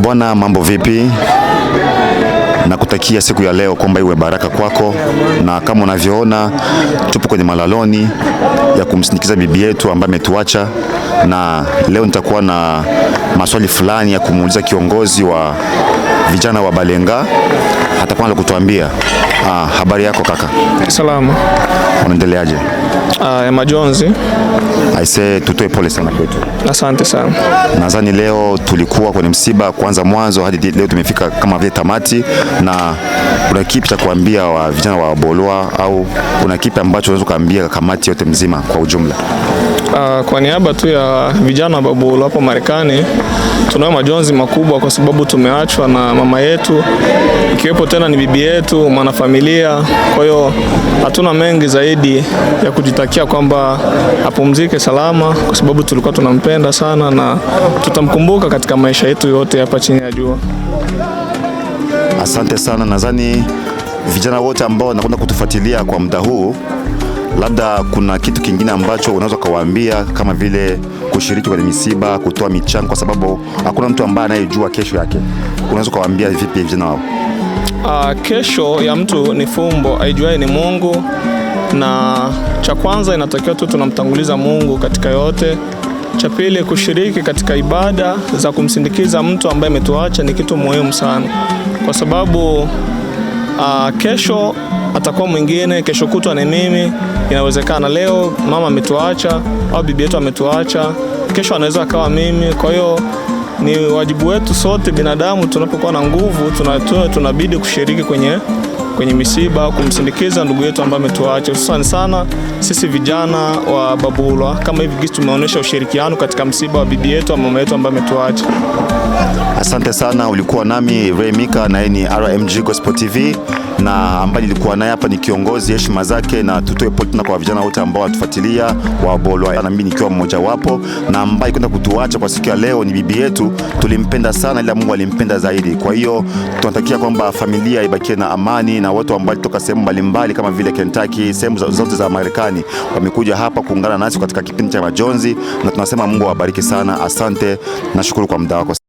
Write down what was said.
Bwana, mambo vipi? Nakutakia siku ya leo kwamba iwe baraka kwako, na kama unavyoona tupo kwenye malaloni ya kumsindikiza bibi yetu ambaye ametuacha, na leo nitakuwa na maswali fulani ya kumuuliza kiongozi wa vijana wa Balenga. Hata kwanza kutuambia. Ah, habari yako kaka? Salama. Unaendeleaje? uh, ya majonzi. Aise, tutoe pole sana kwetu. Asante sana. Nadhani leo tulikuwa kwenye msiba kwanza mwanzo hadi leo tumefika kama vile tamati, na kuna kipi cha kuambia wa vijana wa Bolwa au kuna kipi ambacho unaweza kuambia kamati yote mzima kwa ujumla? Uh, kwa niaba tu ya vijana wa Bolwa hapo Marekani tunayo majonzi makubwa kwa sababu tumeachwa na mama yetu, ikiwepo tena ni bibi yetu mwanafamilia. Kwa hiyo hatuna mengi zaidi ya kujitakia kwamba apumzike salama, kwa sababu tulikuwa tunampenda sana na tutamkumbuka katika maisha yetu yote hapa chini ya jua. Asante sana, nadhani vijana wote ambao wanakwenda kutufuatilia kwa muda huu, labda kuna kitu kingine ambacho unaweza ukawaambia, kama vile kushiriki kwenye misiba, kutoa michango, kwa sababu hakuna mtu ambaye anayejua kesho yake. Unaweza ukawaambia vipi vijana wao? Uh, kesho ya mtu ni fumbo, aijuaye ni Mungu na cha kwanza inatakiwa tu tunamtanguliza Mungu katika yote. Cha pili, kushiriki katika ibada za kumsindikiza mtu ambaye ametuacha ni kitu muhimu sana, kwa sababu uh, kesho atakuwa mwingine, kesho kutwa ni mimi. Inawezekana leo mama ametuacha au bibi yetu ametuacha, kesho anaweza akawa mimi. Kwa hiyo ni wajibu wetu sote binadamu, tunapokuwa na nguvu tunabidi kushiriki kwenye kwenye misiba, kumsindikiza ndugu yetu ambaye ametuacha hususani sana sisi vijana wa Babulwa kama hivi gisi tumeonyesha ushirikiano katika msiba wa bibi yetu wa mama yetu ambaye ametuacha. Asante sana, ulikuwa nami Ray Mika na ni RMG Gospel TV na ambaye nilikuwa naye hapa ni kiongozi, heshima zake, na tutoe pole tena kwa vijana wote ambao watufuatilia wa Bolwa, na mimi nikiwa mmoja wapo, na ambaye kwenda kutuacha kwa siku ya leo ni bibi yetu. Tulimpenda sana, ila Mungu alimpenda zaidi. Kwa hiyo tunatakia kwamba familia ibakie na amani na watu ambao kutoka sehemu mbalimbali kama vile Kentucky, sehemu zote za Marekani mbalimbali wamekuja hapa kuungana nasi katika kipindi cha Majonzi, na tunasema Mungu awabariki sana. Asante, nashukuru kwa muda wako.